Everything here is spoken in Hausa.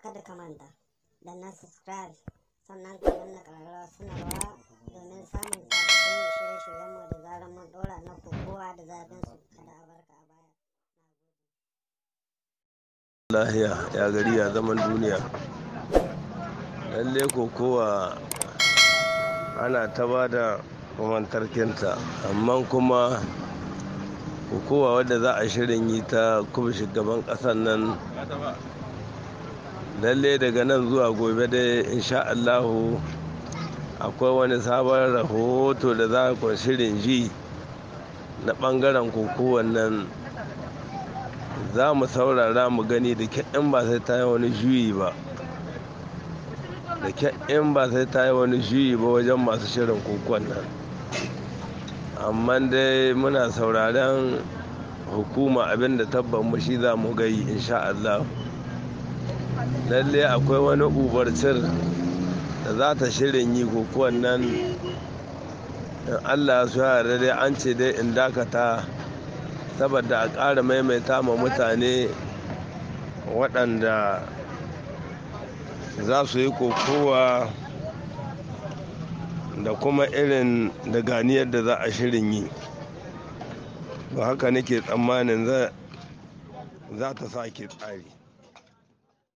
fa da kamanta da na subscribe sannan ka danna suna sanarwa domin samun sabbin shirye-shiryenmu da zarar mun ɗora na kokowa da zafin su kada a barka a baya. Lahiya ya gari ya zaman duniya. Lalle kokowa ana ta ba da kumantarkinta amma kuma kokowa wadda za a shirin yi ta kuma shugaban ƙasar nan lalle daga nan zuwa gobe dai insha allahu akwai wani sabon rahoto da za ku shirin ji na bangaren koko nan za mu saurara mu gani da in ba sai ta yi wani juyi ba da in ba sai ta yi wani juyi ba wajen masu shirin koko nan amma dai muna sauraren hukuma abinda tabban mu shi za mu gai insha allahu lalle akwai wani ubarcir da za ta shirin yi kokuwan nan in allah su yare dai an ce dai in dakata saboda a ƙara maimaita ma mutane waɗanda za su yi kokowa da kuma irin da ganiyar da za a shirin yi ba haka nake tsammanin za ta sake tsari